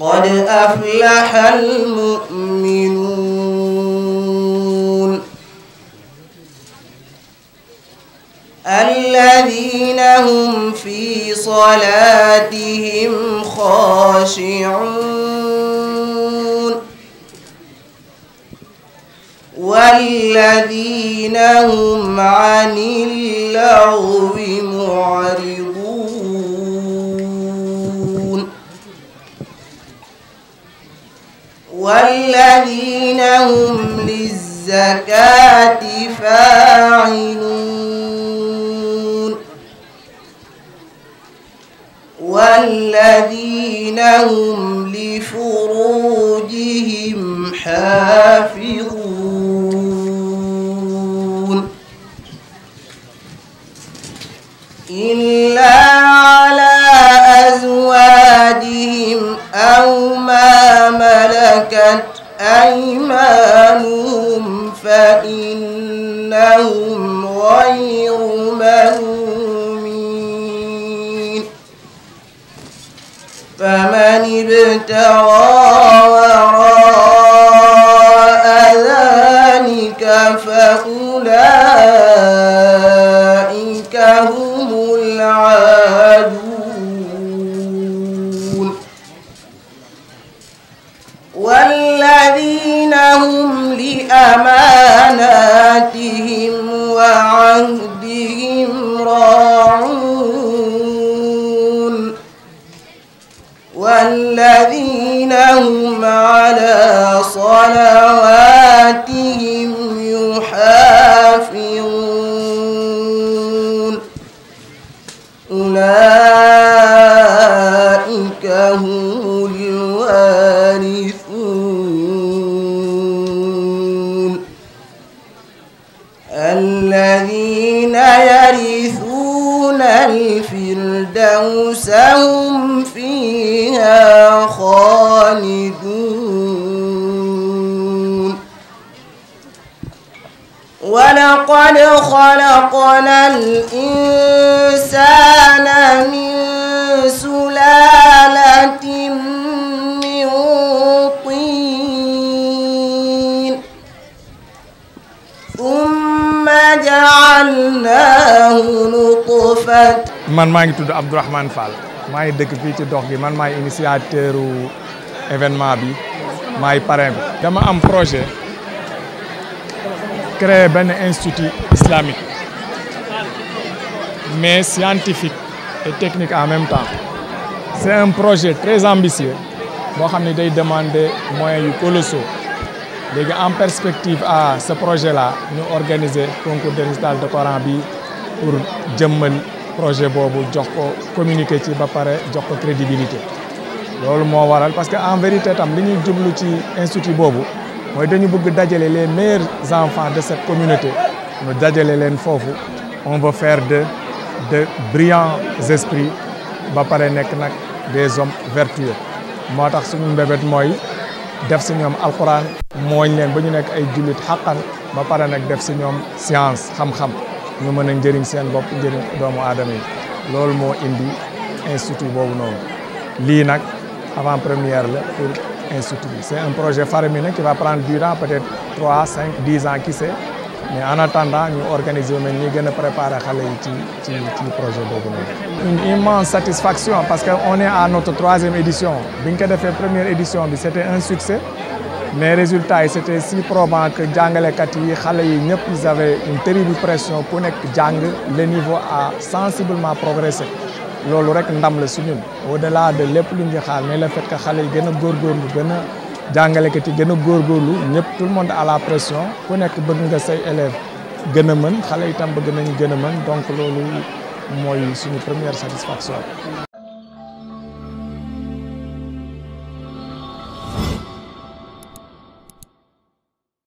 قد أفلح المؤمنون الذين هم في صلاتهم خاشعون والذين هم عن اللغو معرضون والذين هم للزكاة فاعلون والذين هم لفروجهم حافظون إلا على أزواجهم أو أيمانهم فإنهم غير ملومين فمن ابتغى وراء ذلك فأولئك هم العادون أماناتهم وعهدهم راعون والذين هم على صلواتهم يحافظون أولئك هم الوارثون فردوس هم فيها خالدون ولقد خلقنا الإنسان من سلالة من طين ثم جعلناه نطفة man maa ngi tudd Abdourahmane Fall maa ngi dëkk fii ci dox gi man maay initiateur événement bi maay parrain bi. dama am projet créer benn institut islamique mais scientifique et technique en même temps c'est un projet très ambitieux boo xam ni day demande moyen yu colossaux léegi en perspective à ce projet là ñu organiser concours de récital de Coran bi pour jëmmal. projet bobu jox ko communiquer ci ba paré jox ko crédibilité lolou mo waral parce que en vérité tam li ñuy jublu ci institut bobu moy dañu bëgg dajalé les meilleurs enfants de cette communauté ñu dajalé len fofu on veut faire de de brillants esprits ba paré nek nak des hommes vertueux motax suñu mbébét moy def si ñoom alxuraan mooñ leen ba ñu nekk ay jullit haqqan ba paré nag def si science xam-xam nous mën a njëriñ seen bopp njëriñ doomu aadama yi loolu moo indi institut boobu noonu lii nag avant première la pour institut c'est un projet faramineux qui va prendre du temps peut-être 3 5 10 ans qui sait mais en attendant ñu organisons wu nous préparons gën préparer xale ci ci ci projet une immense satisfaction parce que on est à notre troisième édition bi ñu ko defee première édition bi c'était un succès mais résultat yi c'était si probant que jàngalekat yi xale yi ñëpp ils avaient une pression ku nekk jàng le niveau a sensiblement progressé loolu rek ndam la su ñun au-delà de lépp lu ñu xaar mais le fait xale yi gën a góorgóorlu gën a jàngalekat yi gën a góorlu ñëpp tout le monde à la pression ku nekk bëgg nga say élèves gën a mën xale itam bëgg nañu gën a mën donc loolu mooy suñu première satisfaction